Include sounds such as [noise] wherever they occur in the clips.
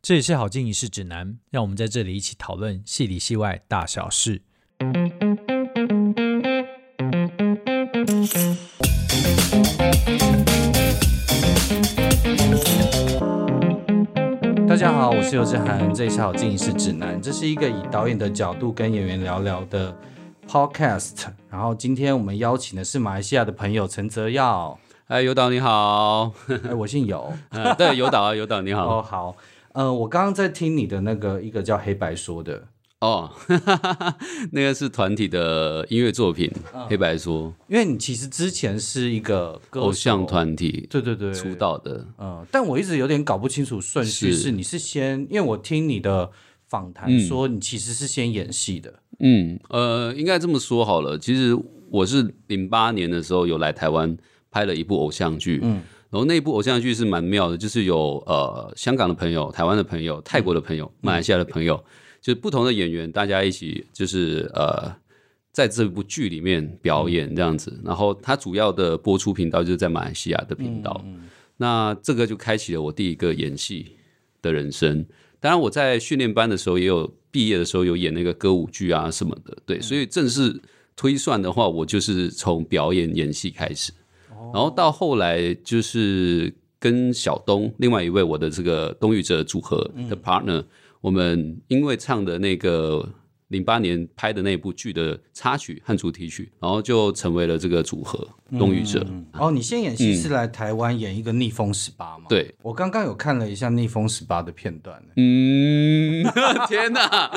這裡是《好勁影事指南》，讓我們在這裡一起討論戲裡戲外大小事。大家好，我是尤志涵，這是《好勁影事指南》，這是一個以導演的角度跟演員聊聊的 podcast。然後今天我們邀請的是馬來西亞的朋友陳澤耀。哎，尤導你好。哎，我姓尤、嗯。對，尤導、啊、導，尤導你好。哦， [laughs] 好。呃，我剛剛在聽你的那個一個叫《黑白說》的哦，那個是團體的音樂作品 oh，《黑白說》，因為你其實之前是一個偶像團體，對對對，出道的。呃，但我一直有點搞不清楚順序，是你是先，是因為我聽你的訪談說你其實是先演戲的。嗯，嗯，呃，應該這麼說好了，其實我是零八年的時候有來台灣拍了一部偶像劇。嗯。然後那部偶像劇是蠻妙的，就是有呃香港的朋友、台灣的朋友、泰國的朋友、馬來西亞的朋友，嗯、就是不同的演員大家一起就是呃在這部劇裡面表演這樣子。嗯、然後它主要的播出頻道就是在馬來西亞的頻道。嗯、那這個就開啟了我第一個演戲的人生。當然我在訓練班的時候也有畢業的時候有演那個歌舞劇啊什麼的。對，所以正式推算的話，我就是從表演演戲開始。然後到後來就是跟小東，另外一位我的這個東於哲組合的 partner，嗯，我們因為唱的那個。零八年拍的那部劇的插曲和主題曲，然後就成為了這個組合《嗯、東於哲》嗯。哦，你先演戲是來台灣演一個《逆風十八》嗎？對、嗯，我剛剛有看了一下《逆風十八》的片段。嗯，天哪！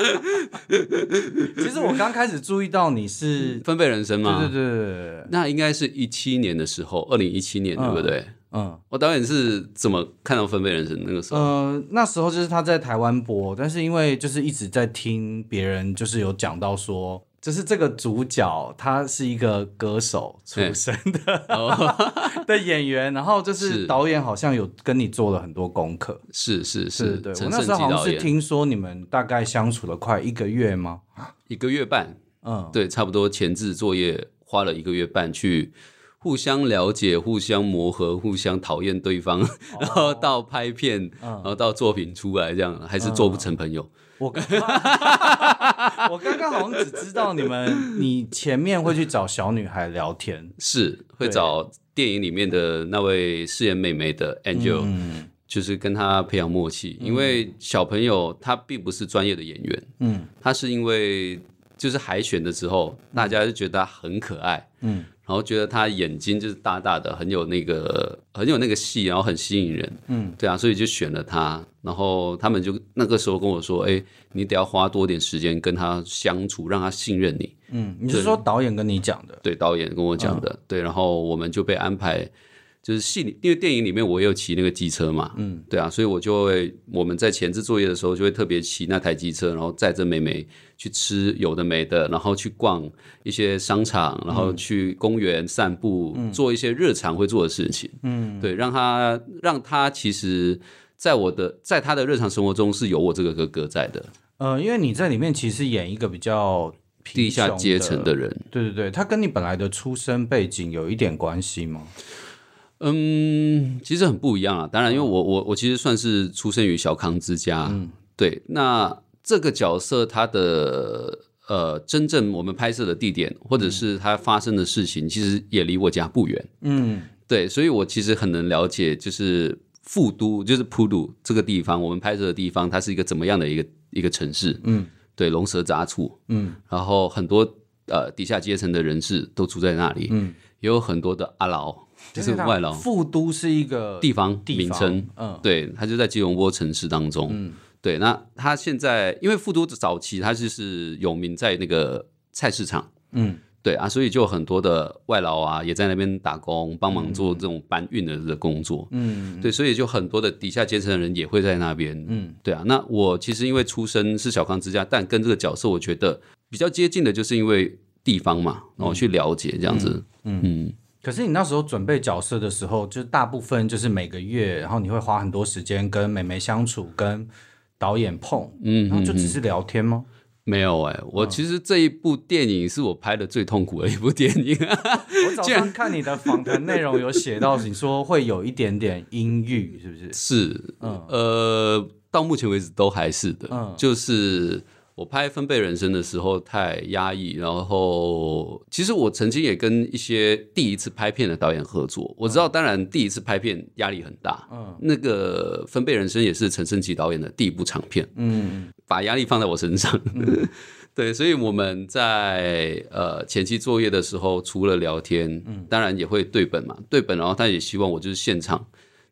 [laughs] 其實我剛開始注意到你是、嗯、分貝人生嘛對對對，那應該是一七年的時候，二零一七年，對不對？嗯嗯，我導演是怎麼看到《分貝人生》那個時候？嗯、呃，那時候就是他在台灣播，但是因為就是一直在聽別人就是有講到說，就是這個主角他是一個歌手出身的、欸、 [laughs] 的演員，哦、然後就是導演好像有跟你做了很多功課。是是是，對。我那時候好像是聽說你們大概相處了快一個月嗎？一個月半，嗯，對，差不多前置作業花了一個月半去。互相了解，互相磨合，互相討厭對方，然後到拍片，然後到作品出來，這樣還是做不成朋友。我剛，我剛剛好像只知道你們，你前面會去找小女孩聊天，是會找電影裡面的那位飾演妹妹的 Angel，就是跟她培養默契，因為小朋友她並不是專業的演員，嗯，她是因為就是海選的時候，大家就覺得她很可愛，嗯。然後覺得他眼睛就是大大的，很有那個很有那個戲，然後很吸引人。嗯，對啊，所以就選了他。然後他們就那個時候跟我說：“哎，你得要花多點時間跟他相處，讓他信任你。”嗯，你是說導演跟你講的？對，導演跟我講的。嗯、對，然後我們就被安排。就是戲裡，因為電影裡面我也有騎那個機車嘛，嗯，對啊，所以我就會我們在前置作業的時候就會特別騎那台機車，然後載着妹妹去吃有的沒的，然後去逛一些商場，然後去公園散步，嗯、做一些日常會做的事情，嗯，對，讓他讓他其實，在我的在他的日常生活中是有我這個哥哥在的，呃，因為你在裡面其實演一個比較低下階層的人，對對對，他跟你本來的出生背景有一點關係嗎？嗯，其實很不一樣啊。當然，因為我我我其實算是出生於小康之家，嗯、對。那這個角色，他的呃，真正我們拍攝的地點，或者是他發生的事情，嗯、其實也離我家不遠，嗯，對。所以我其實很能了解就，就是富都就是普魯這個地方，我們拍攝的地方，它是一個怎麼樣的一個一個城市，嗯，對，龍蛇雜處，嗯，然後很多呃底下階層的人士都住在那裡，嗯、也有很多的阿勞。就是外勞，富都是一個地方名稱，嗯，對，他就在吉隆坡城市當中，嗯，對，那他現在因為富都早期他就是有名在那個菜市場，嗯，對啊，所以就很多的外勞啊也在那邊打工，幫忙做這種搬運的工作，嗯，對，所以就很多的底下階層的人也會在那邊，嗯，對啊，那我其實因為出生是小康之家，但跟這個角色我覺得比較接近的就是因為地方嘛，然後，哦，去了解這樣子，嗯。嗯嗯可是你那時候準備角色的時候，就是大部分就是每個月，然後你會花很多時間跟妹妹相處，跟導演碰，嗯哼哼，然後就只是聊天嗎？沒有哎、欸，我其實這一部電影是我拍的最痛苦的一部電影。 [laughs] 我早上看你的訪談內容有寫到，你說會有一點點陰鬱，是不是？是，嗯、呃，到目前為止都還是的，嗯、就是。我拍《分貝人生》的時候太壓抑，然後其實我曾經也跟一些第一次拍片的導演合作，我知道，當然第一次拍片壓力很大。嗯、那個《分貝人生》也是陳勝吉導演的第一部長片。嗯、把壓力放在我身上。嗯、 [laughs] 對，所以我們在呃前期作業的時候，除了聊天，當然也會對本嘛，對本，然後他也希望我就是現場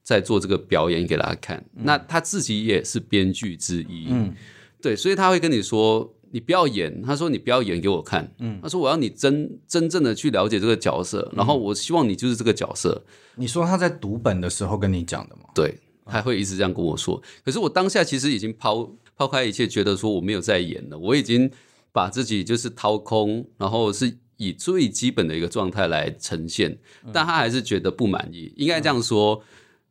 在做這個表演給大家看。那他自己也是編劇之一。嗯對，所以他會跟你說，你不要演。他說你不要演給我看。嗯、他說我要你真真正的去了解這個角色，嗯、然後我希望你就是這個角色。你說他在讀本的時候跟你講的嗎？對，他會一直這樣跟我說。嗯、可是我當下其實已經拋拋開一切，覺得說我沒有在演了，我已經把自己就是掏空，然後是以最基本的一個狀態來呈現。但他還是覺得不滿意，嗯、應該這樣說，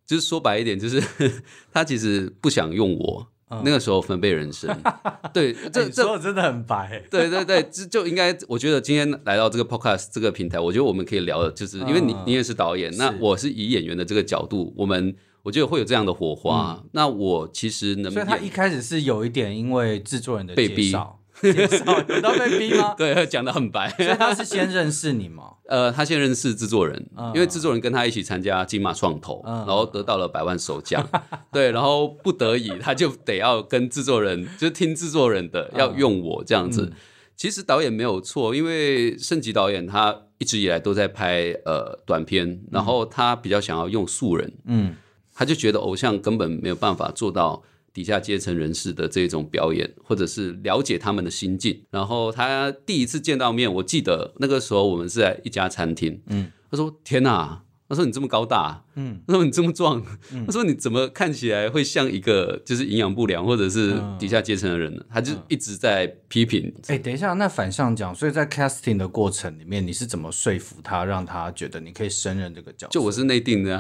就是說白一點，就是呵呵他其實不想用我。那個時候分貝人生， [laughs] 對這這 [laughs] 就真的很白。對對對，就 [laughs] 就應該，我覺得今天來到這個 Podcast 這個平台，我覺得我們可以聊的就是，因為你、嗯、你也是導演，是那我是以演員的這個角度，我們我覺得會有這樣的火花。嗯、那我其實能，所以他一開始是有一點因為製作人的介紹被逼。介紹你都被逼嗎？ [laughs] 對，講得很白。所以他是先認識你嗎？ [laughs] 呃，他先認識制作人，uh huh. 因為制作人跟他一起參加金馬創投，uh huh. 然後得到了百萬首獎。Uh huh. 對，然後不得已他就得要跟制作人， [laughs] 就聽制作人的，uh huh. 要用我這樣子。Uh huh. 其實導演沒有錯，因為盛吉導演他一直以來都在拍呃短片，然後他比較想要用素人，嗯，uh huh. 他就覺得偶像根本沒有辦法做到，底下階層人士的這種表演，或者是了解他們的心境。然後他第一次見到面，我記得那個時候我們是在一家餐廳，嗯，他說：“天哪。”他說你這麼高大，嗯，他說你這麼壯，嗯、他說你怎麼看起來會像一個就是營養不良或者是底下階層的人呢？他就一直在批評。哎、嗯，等一下，那反向講，所以在 casting 的過程裡面，你是怎麼說服他，讓他覺得你可以勝任這個角色？就我是內定的，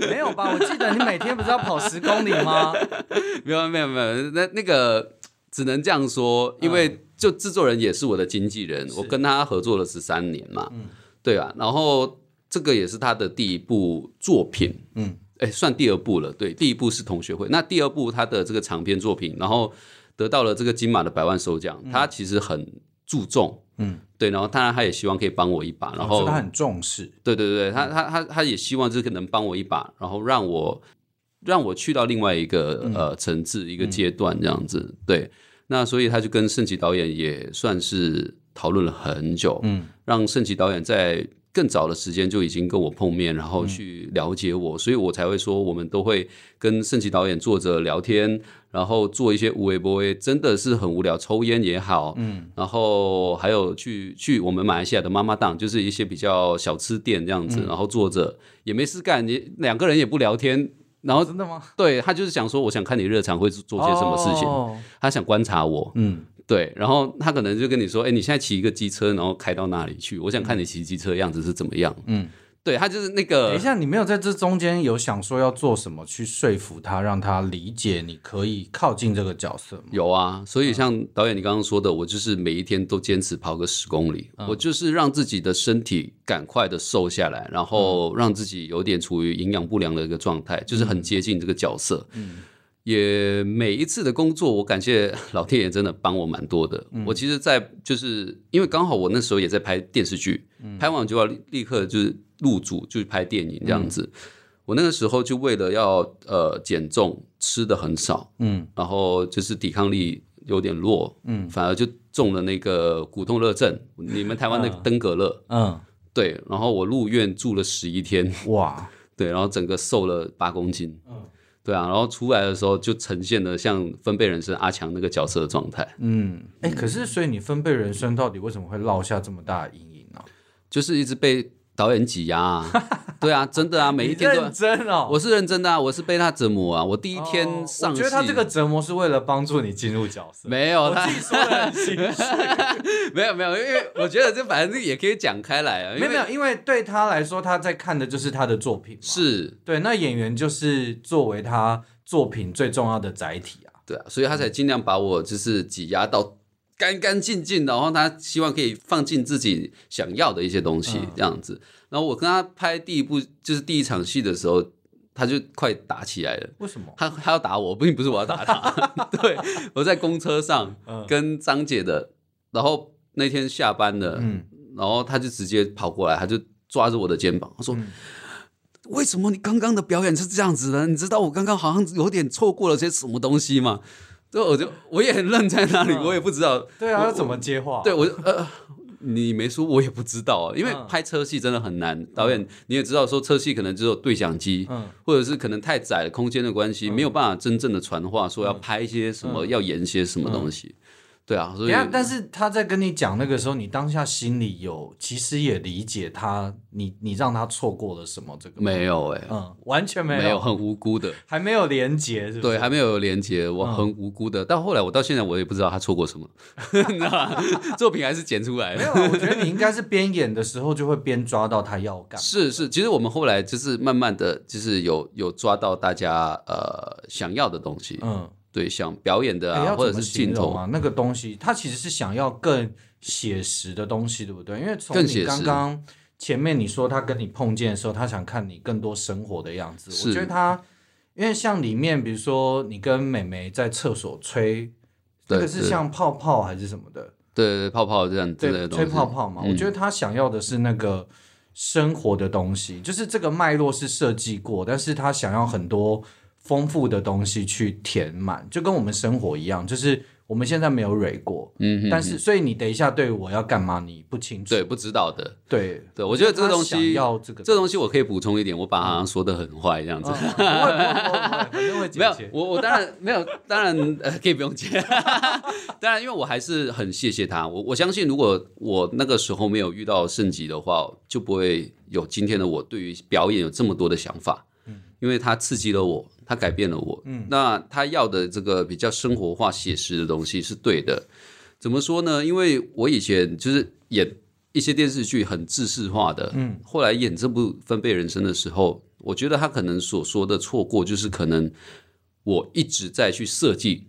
沒有吧？我記得你每天不是要跑十公里嗎？ [laughs] 沒有，沒有，沒有。那那個只能這樣說，因為就制作人也是我的經紀人，嗯、我跟他合作了十三年嘛，嗯、對啊，然後。這個也是他的第一部作品，嗯，哎、欸，算第二部了。對，第一部是同學會，那第二部他的這個長篇作品，然後得到了這個金馬的百萬首獎。嗯、他其實很注重，嗯，對，然後當然他也希望可以幫我一把，然後、哦、他很重視，對對對，他他他他也希望這個能幫我一把，然後讓我讓我去到另外一個、嗯、呃層次一個階段這樣子，對，那所以他就跟盛啟導演也算是討論了很久，嗯，讓盛啟導演在。更早的時間就已經跟我碰面，然後去了解我，嗯、所以我才會說我們都會跟勝吉導演坐着聊天，然後做一些無微不微，真的是很無聊，抽煙也好，嗯，然後還有去去我們馬來西亞的嘛嘛檔，就是一些比較小吃店這樣子，嗯、然後坐着也沒事幹，你兩個人也不聊天，然後真的嗎？對他就是想說，我想看你日常會做些什麼事情，哦、他想觀察我，嗯。對，然後他可能就跟你說：“哎，你現在騎一個機車，然後開到哪裡去？我想看你騎機車的樣子是怎麼樣。”嗯，對，他就是那個。等一下，你沒有在這中間有想說要做什麼去說服他，讓他理解你可以靠近這個角色嗎？有啊，所以像導演你剛剛說的，嗯、我就是每一天都堅持跑個十公里，嗯、我就是讓自己的身體趕快的瘦下來，然後讓自己有點處於營養不良的一個狀態，就是很接近這個角色。嗯。嗯也每一次的工作，我感謝老天爺真的幫我蠻多的。嗯、我其實，在就是因為剛好我那時候也在拍電視劇，嗯、拍完就要立刻就是入組就去拍電影這樣子。嗯、我那個時候就為了要呃減重，吃的很少，嗯，然後就是抵抗力有點弱，嗯，反而就中了那個骨痛熱症，嗯、你們台灣那個登革熱，嗯，對，然後我入院住了十一天，哇，對，然後整個瘦了八公斤，嗯。對啊，然後出來的時候就呈現了像分貝人生阿強那個角色的狀態。嗯，哎，可是所以你分貝人生到底為什麼會落下這麼大的陰影呢？就是一直被。導演擠壓、啊，對啊，真的啊，每一天都。 [laughs] 認真哦，我是認真的啊，我是被他折磨啊，我第一天上戲、呃、我覺得他這個折磨是為了幫助你進入角色。沒有他說 [laughs] 沒有沒有，因為我覺得這反正也可以講開來啊。 [laughs] 為沒有，因為對他來說，他在看的就是他的作品嘛。是。對，那演員就是作為他作品最重要的載體啊。對啊，所以他才盡量把我就是擠壓到。乾乾淨淨，然後他希望可以放進自己想要的一些東西，嗯、這樣子。然後我跟他拍第一部就是第一場戲的時候，他就快打起來了。為什麼？他他要打我，並不是我要打他。 [laughs] [laughs] 對，我在公車上跟張姐的，嗯、然後那天下班了，然後他就直接跑過來，他就抓着我的肩膀，他說：“嗯、為什麼你剛剛的表演是這樣子的？你知道我剛剛好像有點錯過了些什麼東西嗎？”這我就，我也愣在那裡，嗯、我也不知道。對啊，我要怎麼接話？對，我呃，你沒說，我也不知道啊。因為拍車戲真的很難，嗯、導演你也知道，說車戲可能只有對講機，嗯、或者是可能太窄的空間的關係，嗯、沒有辦法真正的傳話，說要拍一些什麼，嗯、要演些什麼東西。嗯嗯嗯對啊，但但是他在跟你講那個時候，你當下心裡有，其實也理解他，你你讓他錯過了什麼？這個沒有哎、欸，嗯，完全沒有，沒有，很無辜的，還沒有連接是吧？對，還沒有連接，我很無辜的。但、嗯、後來我到現在我也不知道他錯過什麼， [laughs] [laughs] [laughs] 作品還是剪出來的。 [laughs] 沒有，我覺得你應該是邊演的時候就會邊抓到他要幹。是是，其實我們後來就是慢慢的就是有有抓到大家呃想要的東西，嗯。對，想表演的啊，哎、形容啊或者是鏡頭啊，那個東西，他其實是想要更寫實的東西，對不對？因為從你剛剛前面你說他跟你碰見的時候，他想看你更多生活的樣子。是我覺得他，因為像裡面，比如說你跟妹妹，妹在廁所吹，這對個是像泡泡還是什麼的？對對對，泡泡這樣子的，的東西，吹泡泡嘛。嗯、我覺得他想要的是那個生活的東西，就是這個脈絡是設計過，但是他想要很多。嗯豐富的東西去填滿，就跟我們生活一樣，就是我們現在沒有蕊過，嗯哼哼，但是所以你等一下，對我要幹嘛，你不清楚，對，不知道的，對，對我覺得這,東這個東西要這個，這東西我可以補充一點，我把它說的很壞這樣子，嗯 uh, 我，我，我，我，我 [laughs] 會會不沒有，我我當然沒有，當然呃可以不用接， [laughs] 當然因為我還是很謝謝他，我我相信如果我那個時候沒有遇到盛極的話，就不會有今天的我，對於表演有這麼多的想法，嗯，因為他刺激了我。他改變了我，嗯，那他要的這個比較生活化、寫實的東西是對的。怎麼說呢？因為我以前就是演一些電視劇很製式化的，嗯。後來演這部《分貝人生》的時候，我覺得他可能所說的錯過，就是可能我一直在去設計，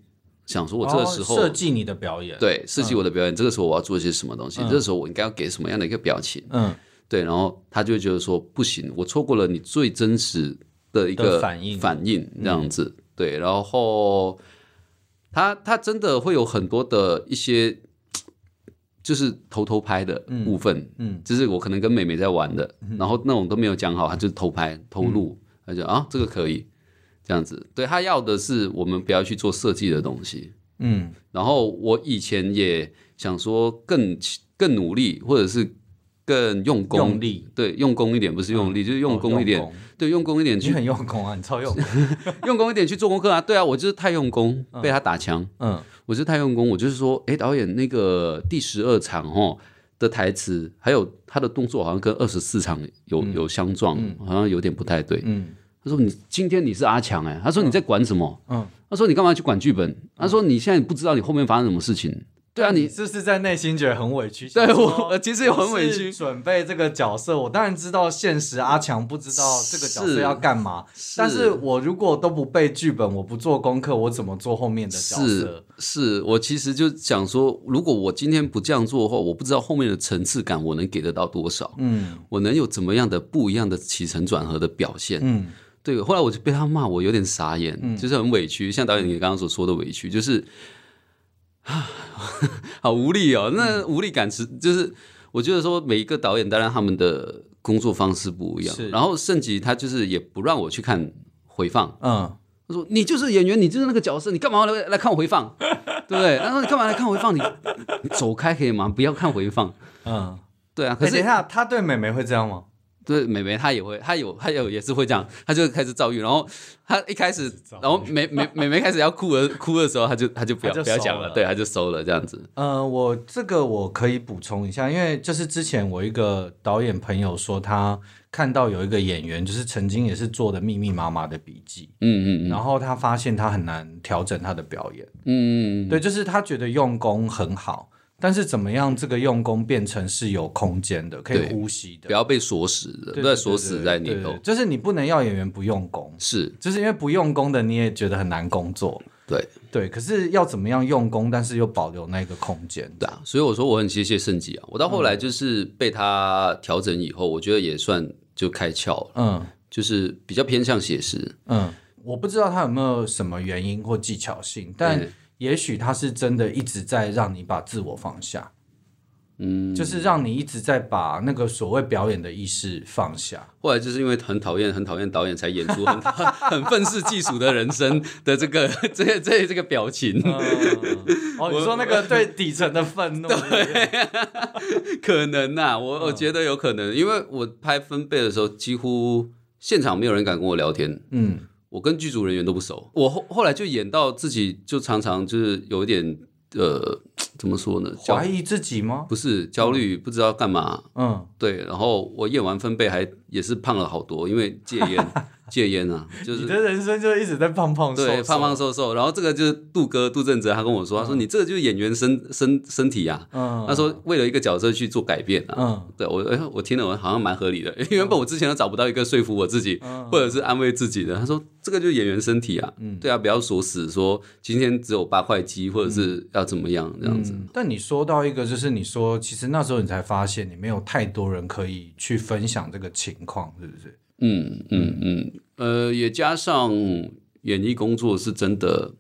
想說我這個時候設計、哦、你的表演，對，設計我的表演。嗯、這個時候我要做一些什麼東西？嗯、這個時候我應該要給什麼樣的一個表情？嗯，對。然後他就覺得說不行，我錯過了你最真實。的一個反應，嗯、反應這樣子，對，然後他他真的會有很多的一些，就是偷偷拍的部分，嗯，嗯，就是我可能跟妹妹在玩的，嗯、然後那種都沒有講好，他就偷拍偷錄，他、嗯、就啊這個可以這樣子，對，他要的是我們不要去做設計的東西，嗯，然後我以前也想說更更努力，或者是，更用功，用力，對，用功一點，不是用力，就是用功一點。對，用功一點去。你很用功啊，你超用，用功一點去做功課啊。對啊，我就是太用功，被他打槍。嗯，我就是太用功，我就是說，哎，導演那個第十二場哦的台詞，還有他的動作，好像跟二十四場有有相撞，好像有點不太對。嗯，他說你今天你是阿強哎，他說你在管什麼？嗯，他說你幹嘛去管劇本？他說你現在不知道你後面發生什麼事情。對啊，你就是，是在內心覺得很委屈。對，我其實也很委屈是。準備這個角色，我當然知道現實阿強不知道這個角色要幹嘛，是是但是我如果都不背劇本，我不做功課，我怎麼做後面的角色是？是，我其實就想說，如果我今天不這樣做的話，我不知道後面的層次感我能給得到多少？嗯，我能有怎麼樣的不一樣的起承轉合的表現？嗯，對。後來我就被他罵，我有點傻眼，嗯、就是很委屈，像導演你剛剛所說的委屈，就是。啊， [laughs] 好無力哦！那無力感是就是，我覺得說每一個導演，當然他們的工作方式不一樣。是，然後勝吉他就是也不讓我去看回放。嗯，他說，你就是演員，你就是那個角色，你幹嘛來來看我回放？對不對？他說 [laughs] 你幹嘛來看回放？你你走開可以嗎？不要看回放。嗯，對啊。可是你看，欸，他對妹妹會這樣嗎？對美美，妹妹她也會，她有，她有也是會這樣，她就開始遭遇，然後她一開始，然後美美美眉開始要哭的哭的時候，她就她就不要就不要講了，對，她就收了這樣子。呃，我這個我可以補充一下，因為就是之前我一個導演朋友說，他看到有一個演員，就是曾經也是做的密密麻麻的筆記，嗯嗯嗯，然後他發現他很難調整他的表演，嗯嗯嗯，對，就是他覺得用功很好。但是怎麼樣，這個用功變成是有空間的，可以呼吸的，不要被鎖死的，就在鎖死在裡頭，對對對。就是你不能要演員不用功，是，就是因為不用功的你也覺得很難工作。對，對。可是要怎麼樣用功，但是又保留那個空間的，對啊。所以我說我很謝謝盛吉啊，我到後來就是被他調整以後，嗯、我覺得也算就開竅了。嗯，就是比較偏向寫實。嗯，我不知道他有沒有什麼原因或技巧性，但。也許他是真的一直在讓你把自我放下，嗯，就是讓你一直在把那個所謂表演的意識放下。或者就是因為很討厭、很討厭導演，才演出很 [laughs] 很憤世嫉俗的人生的這個、 [laughs] 這個、這個、這個表情。哦， [laughs] 我哦，你說那個最底層的憤怒我， [laughs] 對、啊，可能吶、啊，我、哦、我覺得有可能，因為我拍分貝的時候，幾乎現場沒有人敢跟我聊天，嗯。我跟劇組人員都不熟，我後後來就演到自己就常常就是有一點呃，怎麼說呢？懷疑自己嗎？不是焦慮，嗯、不知道幹嘛。嗯，對。然後我演完分貝還。也是胖了好多，因為戒菸， [laughs] 戒菸啊，就是你的人生就一直在胖胖瘦瘦，瘦，胖胖瘦瘦。然後這個就是杜哥杜振哲他跟我說，嗯、他說你這個就是演員身身身體啊，嗯、他說為了一個角色去做改變啊，嗯、對我，我聽了我好像蠻合理的。因為原本我之前都找不到一個說服我自己、嗯、或者是安慰自己的，他說這個就是演員身體啊，嗯、對啊，不要鎖死說今天只有八塊肌或者是要怎麼樣、嗯、這樣子、嗯。但你說到一個就是你說，其實那時候你才發現，你沒有太多人可以去分享這個情。況是不是？嗯嗯嗯，呃，也加上演藝工作是真的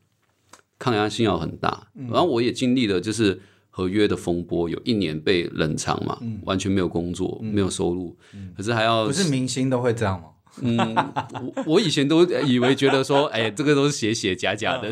抗壓性要很大。然後我也經歷了，就是合約的風波，有一年被冷藏嘛，完全沒有工作，沒有收入，可是還要，不是明星都會這樣嗎？嗯，我以前都以為覺得說，哎，這個都是寫寫假假的，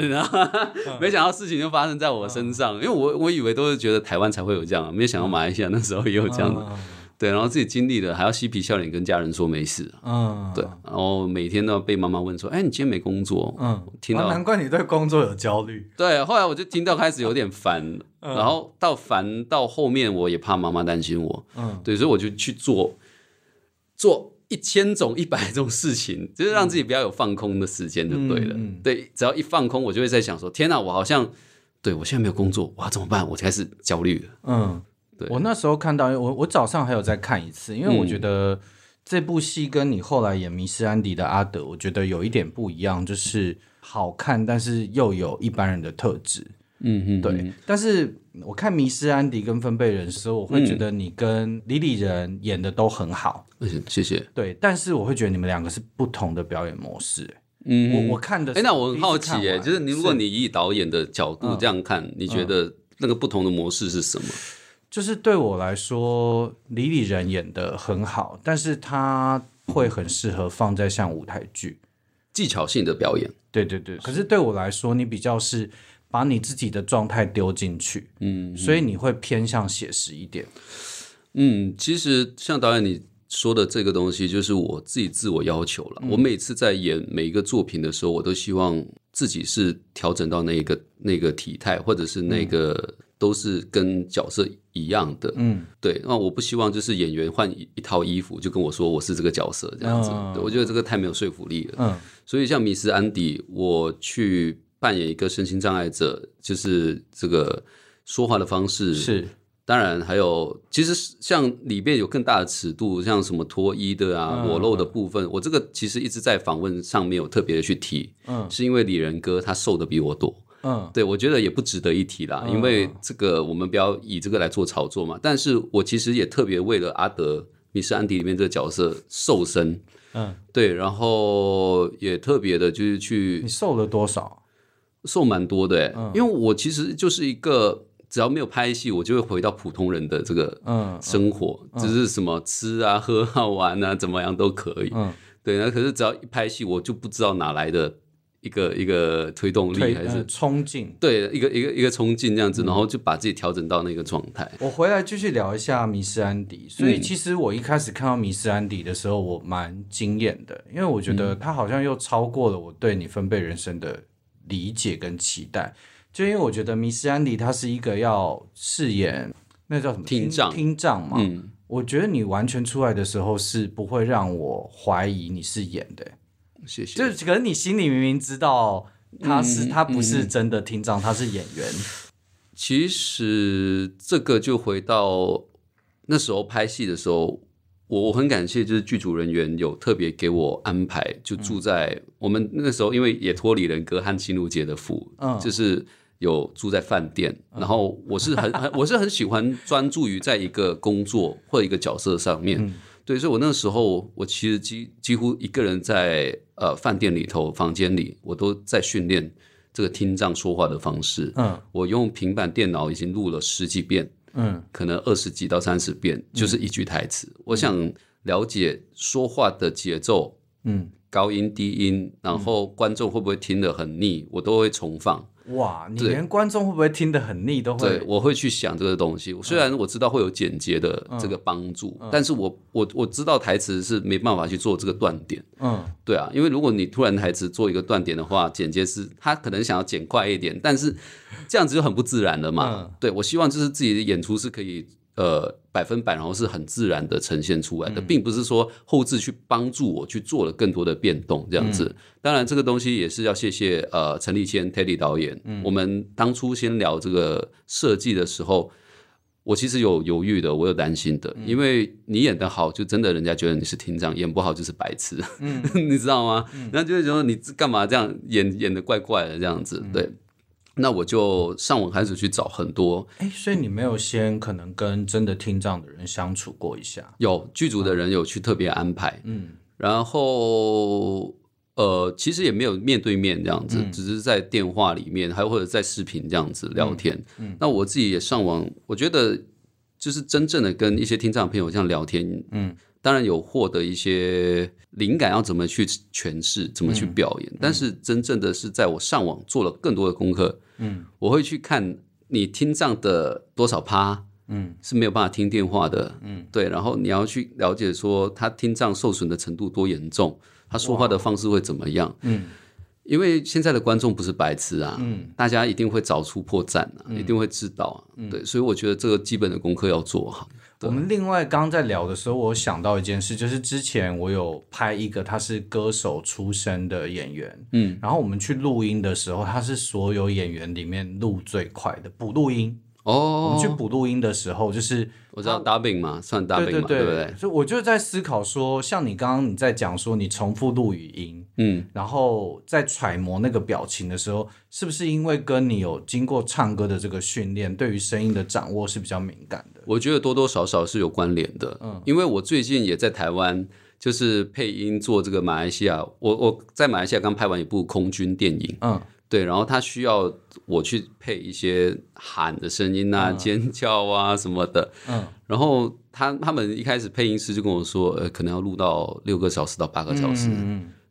沒想到事情就發生在我身上，因為我我以為都是覺得台灣才會有這樣，沒想到馬來西亞那時候也有這樣的。對，然後自己經歷了，還要嬉皮笑臉跟家人說沒事。嗯，對，然後每天都要被媽媽問說：“哎，你今天沒工作？”嗯，聽到難怪你對工作有焦慮。對，後來我就聽到開始有點煩，啊嗯、然後到煩到後面，我也怕媽媽擔心我。嗯，對，所以我就去做做一千種、一百種事情，就是讓自己不要有放空的時間就對了。嗯、對，只要一放空，我就會在想說：“嗯、天哪，我好像對我現在沒有工作，我要怎麼辦？”我就開始焦慮了。嗯。對我那時候看到，我我早上還有再看一次，因為我覺得這部戲跟你後來演《迷失安狄》的阿德，嗯、我覺得有一點不一樣，就是好看，但是又有一般人的特質。嗯嗯，對。但是我看《迷失安狄》跟《分貝人》的時候，我會覺得你跟李李仁演的都很好。嗯，謝謝。對，但是我會覺得你們兩個是不同的表演模式。嗯哼，我我看的是。哎，那我很好奇，哎，就是你如果你以導演的角度這樣看，是嗯、你覺得那個不同的模式是什麼？就是對我來說，李李仁演的很好，但是他會很適合放在像舞台劇技巧性的表演。對對對，是可是對我來說，你比較是把你自己的狀態丟進去，嗯，嗯，所以你會偏向寫實一點。嗯，其實像導演你說的這個東西，就是我自己自我要求了。嗯、我每次在演每一個作品的時候，我都希望自己是調整到那一個那個體態，或者是那個、嗯。都是跟角色一樣的，嗯，對，那我不希望就是演員換一套衣服就跟我說我是這個角色這樣子，嗯、我覺得這個太沒有說服力了，嗯，所以像迷失安狄，我去扮演一個身心障礙者，就是這個說話的方式是，當然還有其實像裡面有更大的尺度，像什麼脫衣的啊、嗯、裸露的部分，嗯、我這個其實一直在訪問上面有特別的去提，嗯，是因為李仁哥他瘦的比我多。嗯，對，我覺得也不值得一提啦，嗯、因為這個我們不要以這個來做炒作嘛。但是我其實也特別為了阿德《迷失安狄》裡面這個角色瘦身，嗯，對，然後也特別的就是去，你瘦了多少？瘦蠻多的、欸，嗯、因為我其實就是一個，只要沒有拍戲，我就會回到普通人的這個生活，嗯嗯、只是什麼吃啊、喝啊、玩啊，怎麼樣都可以。嗯、對，可是只要一拍戲，我就不知道哪來的。一個一個推動力還是衝勁，對，一個一個一個衝勁那樣子，然後就把自己調整到那個狀態。我回來繼續聊一下迷失安狄，所以其實我一開始看到迷失安狄的時候，我蠻驚豔的，因為我覺得他好像又超過了我對你分貝人生的理解跟期待。就因為我覺得迷失安狄他是一個要飾演那叫什麼聽障，聽障嘛。嗯。我覺得你完全出來的時候是不會讓我懷疑你是演的。謝謝。就可是可能你心裡明明知道他是、嗯、他不是真的聽障，嗯、他是演員。其實這個就回到那時候拍戲的時候，我我很感謝，就是劇組人員有特別給我安排，就住在、嗯、我們那時候因為也脫離了格和金路街的服、嗯、就是有住在飯店。嗯、然後我是很 [laughs] 我是很喜歡專注於在一個工作或一個角色上面。嗯對，所以我那時候，我其實幾幾乎一個人在呃飯店裡頭房間裡，我都在訓練這個聽障說話的方式。嗯，我用平板電腦已經錄了十幾遍，嗯，可能二十幾到三十遍，就是一句台詞。嗯，我想了解說話的節奏，嗯，高音低音，然後觀眾會不會聽得很膩，我都會重放。哇，你連觀眾會不會聽得很膩，對都會？對，我會去想這個東西。雖然我知道會有剪接的這個幫助，嗯嗯、但是我我我知道台詞是沒辦法去做這個斷點。嗯、對啊，因為如果你突然台詞做一個斷點的話，剪接是他可能想要剪快一點，但是這樣子就很不自然了嘛。嗯、對，我希望就是自己的演出是可以呃。百分百，然後是很自然的呈現出來的，並不是說後製去幫助我去做了更多的變動這樣子。嗯、當然，這個東西也是要謝謝呃陳立謙 Teddy、嗯、導演。我們當初先聊這個設計的時候，對我其實有猶豫的，我有擔心的，嗯、因為你演的好，就真的人家覺得你是聽障；演不好就是白痴，嗯、 [laughs] 你知道嗎？那就是覺得你幹嘛這樣演演的怪怪的這樣子，對。那我就上網開始去找很多，哎、欸，所以你沒有先可能跟真的聽障的人相處過一下？有劇組的人有去特別安排，啊、嗯，然後呃，其實也沒有面對面這樣子，嗯、只是在電話裡面，還或者在視頻這樣子聊天。嗯，嗯，那我自己也上網，我覺得就是真正的跟一些聽障朋友這樣聊天，嗯，當然有獲得一些靈感，要怎麼去詮釋，怎麼去表演。嗯、嗯、但是真正的是在我上網做了更多的功課。嗯，我會去看你聽障的多少趴，嗯，是沒有辦法聽電話的，嗯，嗯對，然後你要去了解說他聽障受損的程度多嚴重，他說話的方式會怎麼樣，哦、嗯，因為現在的觀眾不是白痴啊，嗯，大家一定會找出破綻啊，嗯、一定會知道啊，對，所以我覺得這個基本的功課要做好。我們另外剛剛在聊的時候，我想到一件事，就是之前我有拍一個，他是歌手出身的演員，嗯，然後我們去錄音的時候，他是所有演員裡面錄最快的，不錄音。哦，oh，我們去補錄音的時候，就是我知道 Dubbing 嘛，啊、算 Dubbing 嘛，對，對，對，對不對？所以我就在思考說，像你剛剛你在講說，你重複錄語音，嗯，然後在揣摩那個表情的時候，是不是因為跟你有經過唱歌的這個訓練，對於聲音的掌握是比較敏感的？我覺得多多少少是有關聯的，嗯，因為我最近也在台灣，就是配音做這個馬來西亞，我我在馬來西亞剛，剛拍完一部空軍電影，嗯。對，然後他需要我去配一些喊的聲音啊、尖叫啊什麼的。然後他他們一開始配音師就跟我說，呃，可能要錄到六個小時到八個小時。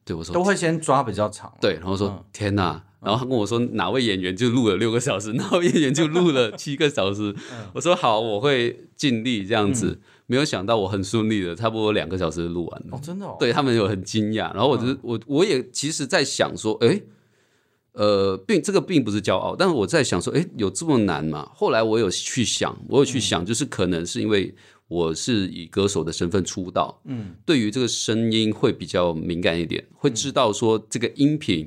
對，我說都會先抓比較長。對，然後說天哪，然後他跟我說哪位演員就錄了六個小時，哪位演員就錄了七個小時。我說好，我會盡力這樣子。沒有想到我很順利的，差不多兩個小時就錄完了。真的？對，他們有很驚訝。然後我就我我也其實在想說，哎。呃，並這個並不是驕傲，但是我在想說，哎，有這麼難嗎？後來我有去想，我有去想，嗯，就是可能是因為我是以歌手的身份出道，嗯，對於這個聲音會比較敏感一點，會知道說這個音頻，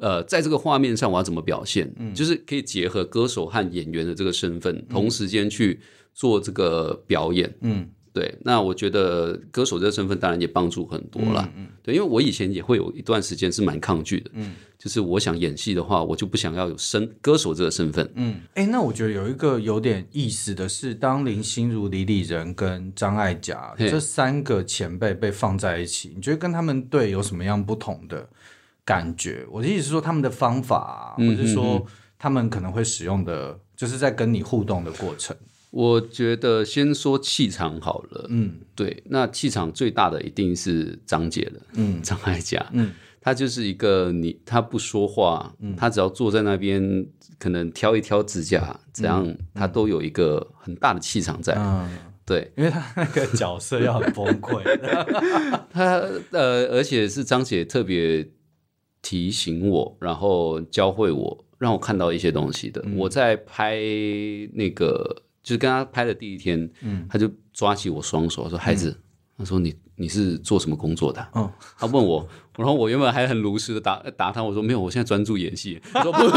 呃，在這個畫面上我要怎麼表現，嗯，就是可以結合歌手和演員的這個身份，嗯，同時間去做這個表演，嗯。嗯對，那我覺得歌手這個身份當然也幫助很多了。嗯嗯、對，因為我以前也會有一段時間是蠻抗拒的。嗯，就是我想演戲的話，我就不想要有聲歌手這個身份。嗯，哎、欸，那我覺得有一個有點意思的是，當林心如、李李仁跟張艾嘉、嗯、這三個前輩被放在一起，嗯、你覺得跟他們對有什麼樣不同的感覺？我的意思是說，他們的方法，嗯、哼哼或者是說他們可能會使用的，就是在跟你互動的過程。我覺得先說氣場好了，嗯，對，那氣場最大的一定是張姐了，嗯，張艾嘉，嗯，她就是一個你，她不說話，嗯，她只要坐在那邊，可能挑一挑指甲，怎、嗯、樣，她都有一個很大的氣場在，嗯，對，因為她那個角色要很崩潰， [laughs] [laughs] 她呃，而且是張姐特別提醒我，然後教會我，讓我看到一些東西的，嗯、我在拍那個。就是跟他拍的第一天，嗯、他就抓起我雙手說：“孩子，嗯、他說你。”你是做什麼工作的？嗯，他問我，然後我原本還很如實的答答他，我說沒有，我現在專注演戲。他說不，你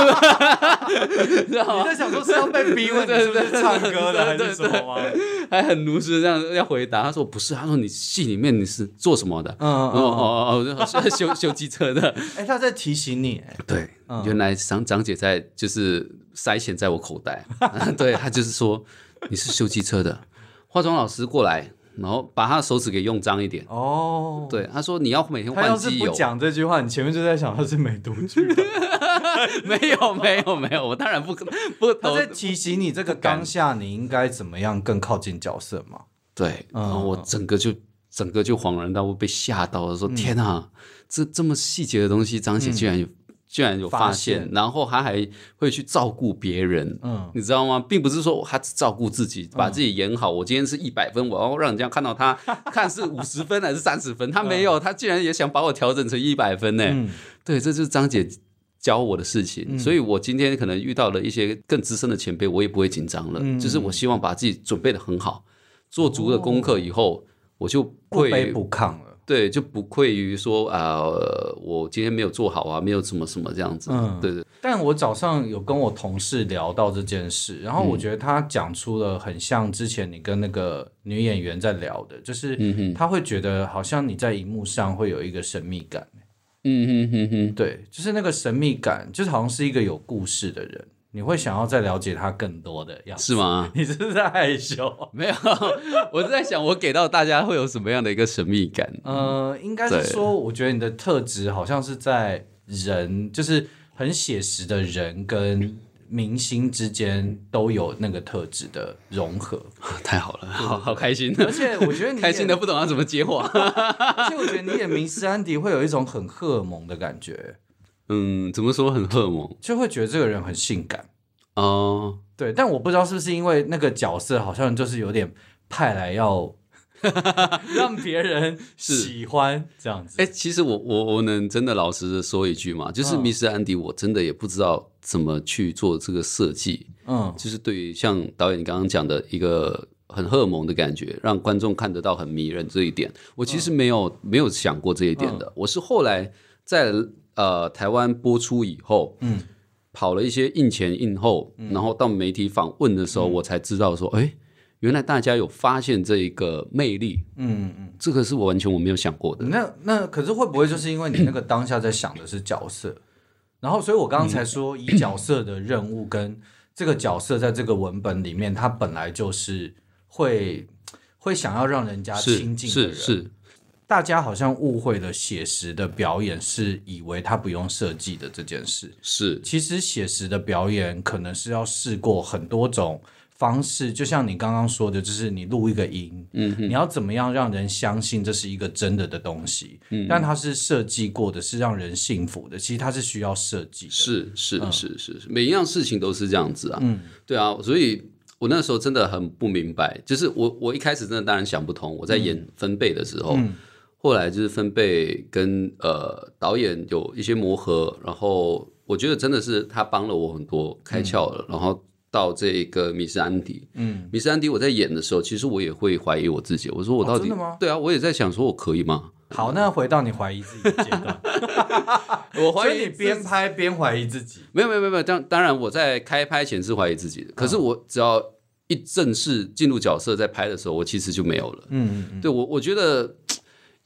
知道嗎？你在想說是要被逼問是不是唱歌的還是什麼嗎？還很如實這樣要回答。他說不是，他說你戲裡面你是做什麼的？嗯，哦哦哦，我是修修機車的。哎，他在提醒你。對，原來張張姐在就是塞錢在我口袋。對，他就是說，你是修機車的。化妝老師過來。然後把他的手指給用髒一點哦，oh, 對，他說你要每天換機油。他是不講這句話，你前面就在想他是美杜莎哈哈。 [laughs] [laughs] [laughs] 沒有沒有沒有，我當然不可能不。他在提醒你這個當下敢你應該怎麼樣更靠近角色嘛？對， [laughs] 嗯嗯，然後我整個就整個就恍然大悟，被嚇到了，說天啊，嗯、這這麼細節的東西，張姐居然有。嗯居然有發現，然後他還會去照顧別人，嗯，你知道嗎？並不是說他只照顧自己，把自己演好。我今天是一百分，我要讓人家看到他，看是五十分還是三十分？他沒有，他竟然也想把我調整成一百分欸。對，這就是張姐教我的事情。所以我今天可能遇到了一些更資深的前輩，我也不會緊張了。就是我希望把自己準備得很好，做足了功課以後，我就會不卑不亢了。對，就不愧於說啊、呃，我今天沒有做好啊，沒有什麼什麼這樣子、啊。對、嗯、對。但我早上有跟我同事聊到這件事，然後我覺得他講出了很像之前你跟那個女演員在聊的，嗯、就是他會覺得好像你在熒幕上會有一個神秘感。嗯哼哼哼，對，就是那個神秘感，就是好像是一個有故事的人。你會想要再了解他更多的樣子是嗎？你是不是在害羞？ [laughs] [laughs] 沒有，我是在想我給到大家會有什麼樣的一個神秘感？呃，應該是說，我覺得你的特質好像是在人，對就是很寫實的人跟明星之間都有那個特質的融合，太好了，好好開心。對而且我覺得你 [laughs] 開心的不懂要怎麼接話， [laughs] [laughs] 而且我覺得你的迷失安狄會有一種很荷爾蒙的感覺。嗯，怎麼說很荷爾蒙，就會覺得這個人很性感嗯，uh, 對，但我不知道是不是因為那個角色好像就是有點派來要 [laughs] [laughs] 讓別人喜歡這樣子。哎，其實我我我能真的老實的說一句嗎？就是迷失安狄，我真的也不知道怎麼去做這個設計。嗯，uh, 就是對於像導演剛剛講的一個很荷爾蒙的感覺，讓觀眾看得到很迷人這一點，我其實沒有、uh, 沒有想過這一點的。我是後來在。呃，台灣播出以後，嗯，跑了一些映前映後，然後到媒體訪問的時候，我才知道說，哎，原來大家有發現這一個魅力，嗯嗯，這個是我完全我沒有想過的。那那可是會不會就是因為你那個當下在想的是角色，然後所以我剛剛才說以角色的任務跟這個角色在這個文本裡面，他本來就是會會想要讓人家親近的人。大家好像誤會了寫實的表演，是以為他不用設計的這件事是。其實寫實的表演可能是要試過很多種方式，就像你剛剛說的，就是你錄一個音，嗯，嗯，你要怎麼樣讓人相信這是一個真的的東西？嗯，嗯，但它是設計過的，是讓人信服的。其實它是需要設計的。是，是是是是，嗯，每一樣事情都是這樣子啊。嗯，對啊，所以我那時候真的很不明白，就是我我一開始真的當然想不通，我在演分貝的時候。嗯嗯後來就是分貝跟呃導演有一些磨合，然後我覺得真的是他幫了我很多，開竅了。嗯、然後到這個迷失安狄，嗯，迷失安狄，我在演的時候，其實我也會懷疑我自己，我說我到底，哦，真的嗎？對啊，我也在想說我可以嗎？好，嗯，那回到你懷疑自己的階段， [laughs] [laughs] 我懷疑你邊拍邊懷疑自己，沒有沒有沒有，當當然我在開拍前是懷疑自己的，嗯，可是我只要一正式進入角色在拍的時候，我其實就沒有了。嗯嗯，嗯對我我覺得。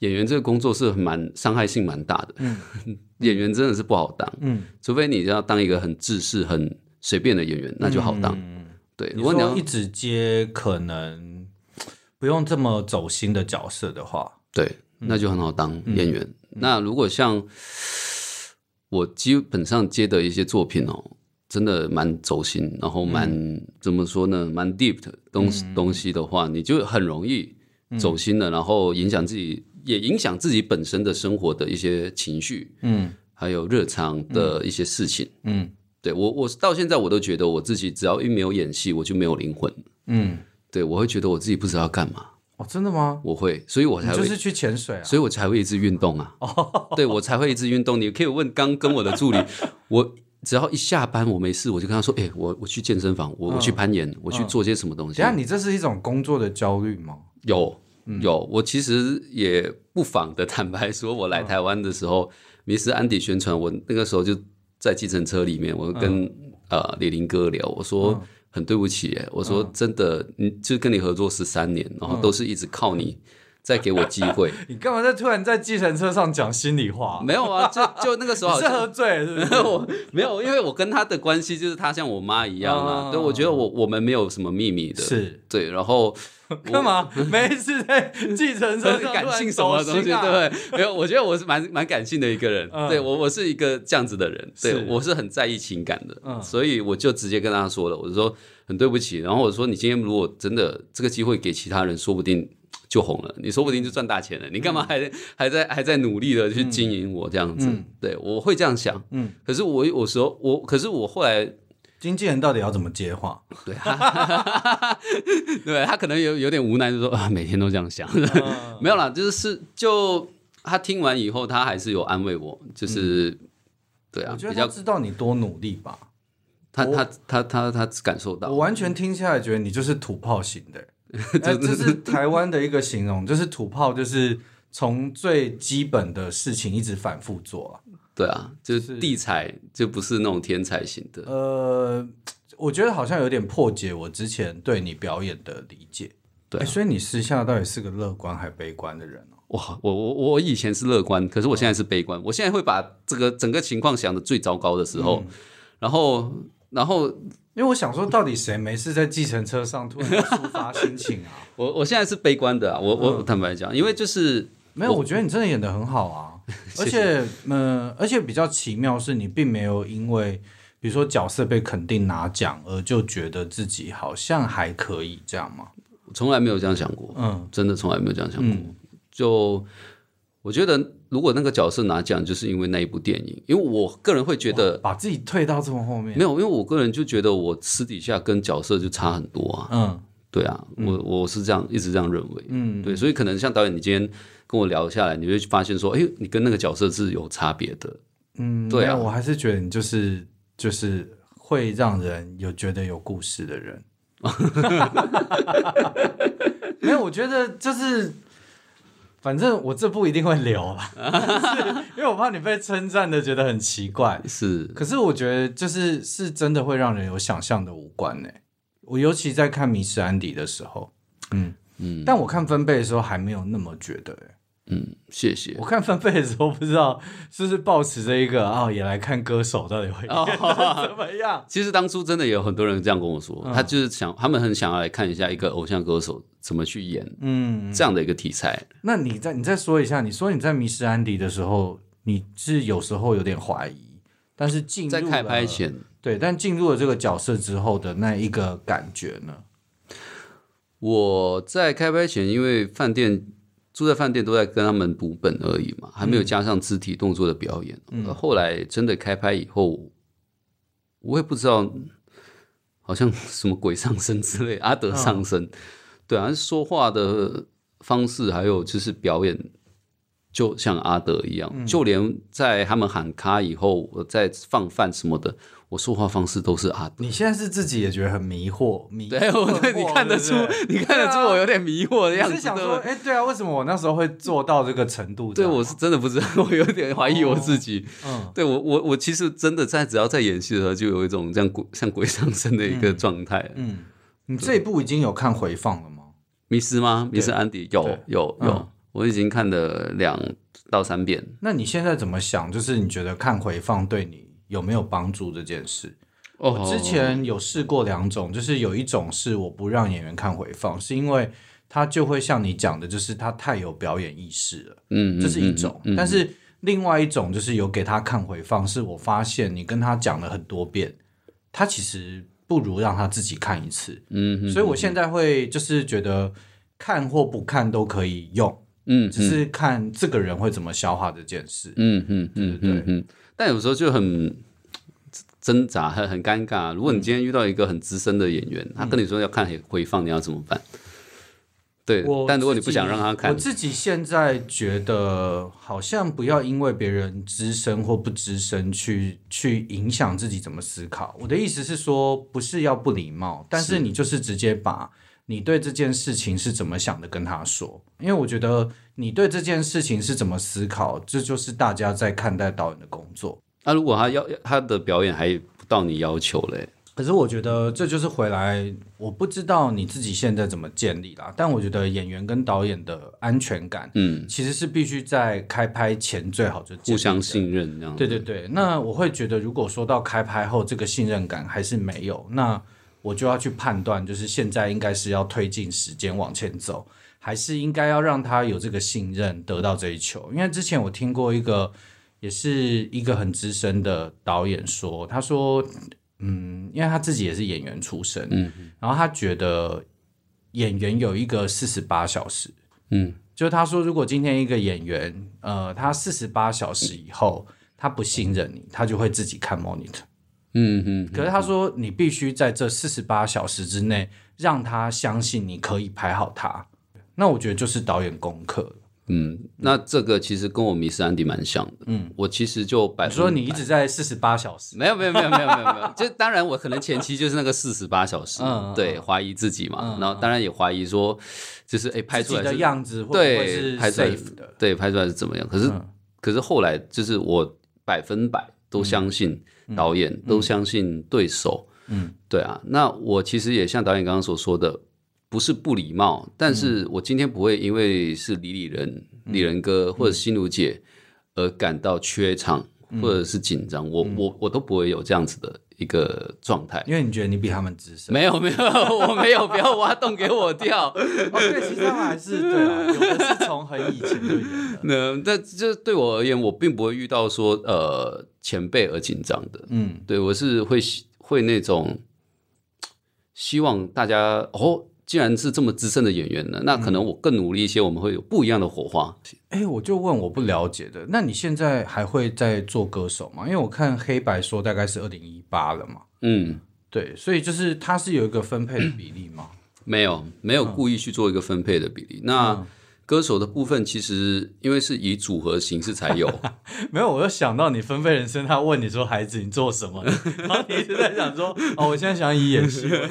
演員這個工作是蠻傷害性蠻大的，嗯、 [laughs] 演員真的是不好當，嗯、除非你要當一個很自私、很隨便的演員，那就好當。嗯、對，如果你要一直接可能不用這麼走心的角色的話，對，嗯、那就很好當演員。嗯嗯、那如果像我基本上接的一些作品哦，真的蠻走心，然後蠻、嗯、怎麼說呢？蠻 deep 的東西的話，嗯、你就很容易走心的，嗯、然後影響自己。也影響自己本身的生活的一些情緒，嗯，還有日常的一些事情，嗯，對我，我到現在我都覺得我自己只要一沒有演戲，我就沒有靈魂，嗯，對我會覺得我自己不知道要幹嘛，哦，真的嗎？我會，所以我才會。就是去潛水啊，所以我才會一直運動啊，對，我才會一直運動。你可以問剛跟我的助理，我只要一下班我沒事，我就跟他說，誒，我我去健身房，我我去攀岩，我去做些什麼東西。那你這是一種工作的焦慮嗎？有。嗯、有，我其實也不妨的坦白說，我來台灣的時候，迷失安狄宣傳，我那個時候就在計程車裡面，我跟、嗯、呃李林哥聊，我說很對不起，嗯、我說真的，你就跟你合作十三年，然後都是一直靠你。嗯嗯再給我機會， [laughs] 你幹嘛在突然在計程車上講心裡話、啊？沒有啊，就就那個時候好像、啊、是喝醉，是不是 [laughs] ？沒有，因為我跟他的關係就是他像我媽一樣嘛、啊，啊、對，我覺得我我們沒有什麼秘密的，是對。然後幹嘛？每一次在計程車上、啊、 [laughs] 感性什麼東西，對不對？沒有，我覺得我是蠻蠻感性的一個人，嗯、對我我是一個這樣子的人，對，是我是很在意情感的，嗯、所以我就直接跟他說了，我說很對不起，然後我說你今天如果真的這個機會給其他人，說不定。就紅了，你說不定就賺大錢了，你幹嘛還還在還在努力的去經營我這樣子？對我會這樣想，嗯。可是我我說我，可是我後來經紀人到底要怎麼接話？對哈哈哈，對他可能有有點無奈，就說啊，每天都這樣想，沒有啦，就是是，就他聽完以後，他還是有安慰我，就是對啊，我覺得知道你多努力吧，他他他他他感受到，我完全聽下來覺得你就是土炮型的。這 [laughs] 這是台灣的一個形容，就是土炮，就是從最基本的事情一直反復做啊，對啊，就是地才，就不是那種天才型的。呃，我覺得好像有點破解我之前對你表演的理解。對、啊，所以你私下到底是個樂觀還是悲觀的人、哦、哇，我我我以前是樂觀，可是我現在是悲觀。哦、我現在會把這個整個情況想得最糟糕的時候，然後、嗯、然後。然後因為我想說，到底誰沒事在計程車上突然抒發心情啊？ [laughs] 我我現在是悲觀的啊，我、嗯、我坦白講，因為就是沒有，我，我覺得你真的演得很好啊， [laughs] 而且嗯，而且比較奇妙是，你並沒有因為比如說角色被肯定拿獎而就覺得自己好像還可以這樣嗎？我從來沒有這樣想過，嗯，真的從來沒有這樣想過，嗯、就我覺得。如果那個角色拿獎，就是因為那一部電影，因為我個人會覺得把自己退到這麼後面，沒有，因為我個人就覺得我私底下跟角色就差很多啊。嗯，對啊，我、嗯、我是這樣一直這樣認為。嗯，對，所以可能像導演，你今天跟我聊下來，你會發現說，哎、欸，你跟那個角色是有差別的。嗯，對啊，我還是覺得你就是就是會讓人有覺得有故事的人，因 [laughs] [laughs] [laughs] 沒有，我覺得就是。反正我這部一定會留吧、了， [laughs] [laughs] 因為我怕你被稱讚的覺得很奇怪。是，可是我覺得就是是真的會讓人有想象的五官呢。我尤其在看《迷失安迪》的時候，嗯嗯，但我看分貝的時候還沒有那麼覺得。嗯，謝謝。我看翻片的時候不知道是不是抱持著一個啊，也、哦、來看歌手到底會、哦、怎麼樣。其實當初真的有很多人這樣跟我說，嗯、他就是想，他們很想要來看一下一個偶像歌手怎麼去演，嗯，這樣的一個題材。那你在你再說一下，你說你在《迷失安狄》的時候，你是有時候有點懷疑，但是進入在開拍前對，但進入了這個角色之後的那一個感覺呢？我在開拍前，因為飯店。住在飯店都在跟他們補本而已嘛，還沒有加上肢體動作的表演。嗯、後來真的開拍以後，我也不知道，好像什麼鬼上身之類，阿德上身，嗯、對啊，說話的方式還有就是表演，就像阿德一樣，嗯、就連在他們喊卡以後，我在放飯什麼的。我說話方式都是啊，你現在是自己也覺得很迷惑，迷惑對，我對，你看得出，啊、你看得出我有點迷惑的樣子。是想說對對，對啊，為什麼我那時候會做到這個程度？啊？對，我是真的不知道，我有點懷疑我自己。哦哦嗯、對，我我我其實真的在只要在演戲的時候，就有一種像鬼像鬼上身的一個狀態。嗯，對你這一部已經有看回放了嗎？迷失嗎？迷失？安迪有對有有、嗯、有，我已經看了兩到三遍。那你現在怎麼想？就是你覺得看回放對你？有沒有幫助這件事？哦，oh, 我之前有試過兩種，就是有一種是我不讓演員看回放，是因為他就會像你講的，就是他太有表演意識了，嗯，這是一種。嗯、但是另外一種就是有給他看回放，是我發現你跟他講了很多遍，他其實不如讓他自己看一次，嗯。嗯，所以我現在會就是覺得看或不看都可以用，嗯、只是看這個人會怎麼消化這件事，嗯嗯嗯，對對。嗯嗯嗯嗯但有時候就很掙扎，很很尷尬。如果你今天遇到一個很資深的演員，嗯，他跟你說要看回放，你要怎麼辦？對，我，但如果你不想讓他看我，我自己現在覺得好像不要因為別人資深或不資深去去影響自己怎麼思考。我的意思是說，不是要不禮貌，但是你就是直接把你對這件事情是怎麼想的跟他說。因為我覺得。你對這件事情是怎麼思考？這就是大家在看待導演的工作。那、啊、如果他要他的表演還不到你要求嘞？可是我覺得這就是回來，我不知道你自己現在怎麼建立啦。但我覺得演員跟導演的安全感，嗯，其實是必須在開拍前最好就建立互相信任這樣。對對對。那我會覺得，如果說到開拍後這個信任感還是沒有，那我就要去判斷，就是現在應該是要推進時間往前走。還是應該要讓他有這個信任，得到這一球。因為之前我聽過一個，也是一個很資深的導演說，他說，嗯，因為他自己也是演員出身，嗯哼然後他覺得演員有一個四十八小時，嗯，就是他說，如果今天一個演員，呃，他四十八小時以後，他不信任你，他就會自己看 monitor，嗯嗯哼，可是他說，你必須在這四十八小時之內，讓他相信你可以拍好他。那我覺得就是導演功課。嗯，那這個其實跟我迷失安狄蠻像的。嗯，我其實就百分百。你說你一直在四十八小時。沒有，沒有，沒有，沒有，沒有，沒有。就當然，我可能前期就是那個四十八小時，對，懷疑自己嘛。然後當然也懷疑說，就是哎，拍出來的樣子，對，拍攝對，拍出來是怎麼樣？可是，可是後來就是我百分百都相信導演，都相信對手。嗯，對啊。那我其實也像導演剛剛所說的。.不是不禮貌，但是我今天不會因為是李李仁、嗯、李仁哥或者心如姐而感到怯場，或者是緊張，嗯嗯、我我我都不會有這樣子的一個狀態。因為你覺得你比他們資深？沒有沒有，我沒有，不要挖洞給我跳。 [laughs] 哦，對，其實他們還是對我、啊、 [laughs] 有的是從很以前的、的。那但就對我而言，我並不會遇到說呃前輩而緊張的，嗯，對我是會會那種希望大家哦。既然是這麼資深的演員呢，那可能我更努力一些，嗯、我們會有不一樣的火花。哎、欸，我就問我不了解的，那你現在還會再做歌手嗎？因為我看黑白說大概是二零一八了嘛。嗯，對，所以就是它是有一個分配的比例嗎、嗯？沒有，沒有故意去做一個分配的比例。嗯、那歌手的部分其實因為是以組合形式才有， [laughs] 沒有。我又想到你分貝人生，他問你說孩子你做什麼，然後你一直在想說 [laughs] 哦，我現在想以演戲 [laughs]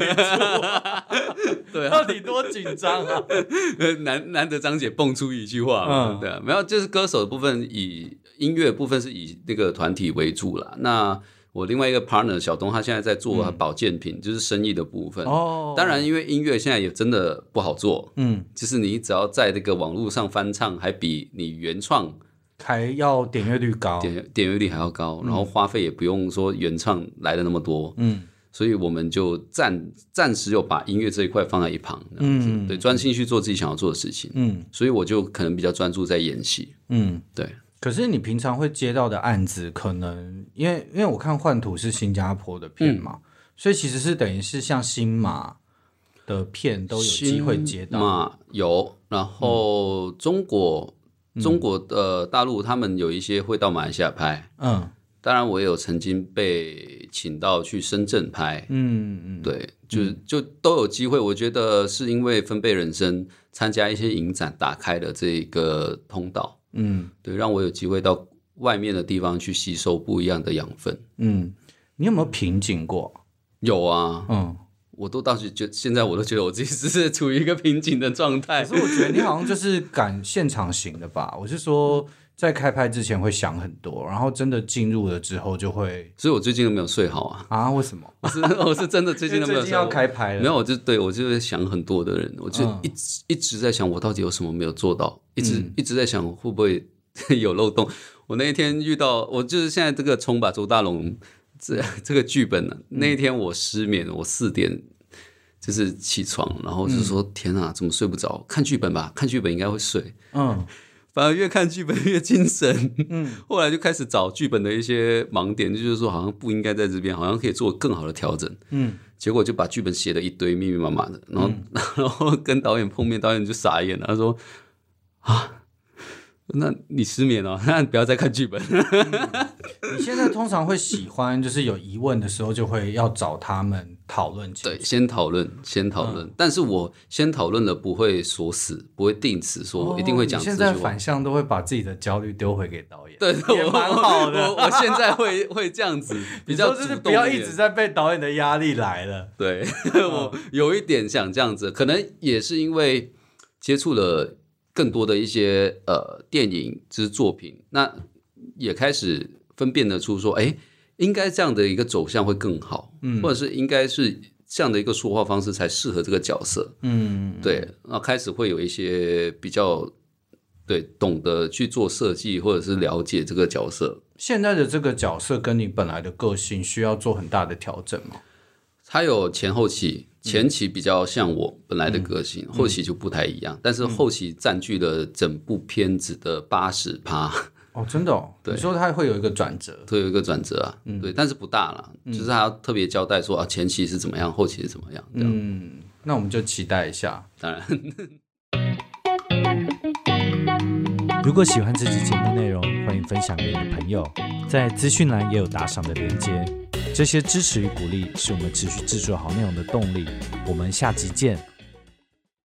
[laughs] 對，到底多緊張啊！ [laughs] 難難得張姐蹦出一句話嘛？嗯、對，沒有，就是歌手的部分以音樂部分是以那個團體為主啦。那我另外一個 partner 小東，他現在在做保健品，嗯、就是生意的部分。哦，當然，因為音樂現在也真的不好做。嗯，就是你只要在這個網絡上翻唱，還比你原創還要點閱率高，點閱點閱率還要高，嗯、然後花費也不用說原唱來的那麼多。嗯。所以我們就暫暫時有把音樂這一塊放在一旁這樣子，嗯，對，專心去做自己想要做的事情，嗯，所以我就可能比較專注在演戲，嗯，對。可是你平常會接到的案子，可能因為因為我看《幻土》是新加坡的片嘛，嗯、所以其實是等於是像新馬的片都有機會接到嘛，有。然後中國、嗯、中國的大陸他們有一些會到馬來西亞拍，嗯。當然，我也有曾經被請到去深圳拍，嗯嗯，對，嗯、就是就都有機會。我覺得是因為分貝人生參加一些影展，打開了這一個通道，嗯，對，讓我有機會到外面的地方去吸收不一樣的養分。嗯，你有沒有瓶頸過？有啊，嗯，我都當時就現在我都覺得我自己是處於一個瓶頸的狀態。所以我覺得你好像就是趕現場型的吧？ [laughs] 我是說。在開拍之前會想很多，然後真的進入了之後就會。所以我最近都沒有睡好啊！啊，為什麼？我是 [laughs] 我是真的最近都沒有睡，最近要開拍了，沒有，我就對，我就是想很多的人，我就一直、嗯、一直在想我到底有什麼沒有做到，一直、嗯、一直在想會不會有漏洞。我那一天遇到我就是現在這個衝吧周大隆，這這個劇本呢、啊，嗯、那一天我失眠，我四點就是起床，然後就說、嗯、天哪，怎麼睡不着？看劇本吧，看劇本應該會睡。嗯。反而越看劇本越精神，嗯，後來就開始找劇本的一些盲點，就是說好像不應該在這邊，好像可以做更好的調整，嗯，結果就把劇本寫得一堆密密麻麻的，然後、嗯、然後跟導演碰面，導演就傻眼了，他說啊。那你失眠了，哦，那你不要再看劇本 [laughs] 、嗯。你現在通常會喜歡，就是有疑問的時候，就會要找他們討論。 [laughs] 對，先討論，先討論。嗯、但是我先討論了，不會鎖死，不會定死，說、哦、一定會講。現在反向都會把自己的焦慮丟回給導演，對，也蠻好的。我我，我現在會會這樣子，比較就是不要一直在被導演的壓力來了。對、嗯、 [laughs] 我有一點想這樣子，可能也是因為接觸了。更多的一些呃電影之作品，那也開始分辨得出說，哎，應該這樣的一個走向會更好，嗯、或者是應該是這樣的一個說話方式才適合這個角色。嗯，對，那開始會有一些比較對懂得去做設計，或者是了解這個角色。現在的這個角色跟你本來的個性需要做很大的調整嗎？它有前後期。前期比較像我本來的個性，嗯、後期就不太一樣。嗯、但是後期佔據了整部片子的八十趴哦，真的哦。你說他會有一個轉折，對會有一個轉折啊。對，嗯、但是不大了，嗯、就是他特別交代說啊，前期是怎麼樣，後期是怎麼樣。這樣。嗯，那我們就期待一下。當然， [laughs] 嗯、如果喜歡這期節目內容，歡迎分享給你的朋友，在資訊欄也有打賞的連接。這些支持與鼓勵是我們持續製作好內容的動力。我們下集見。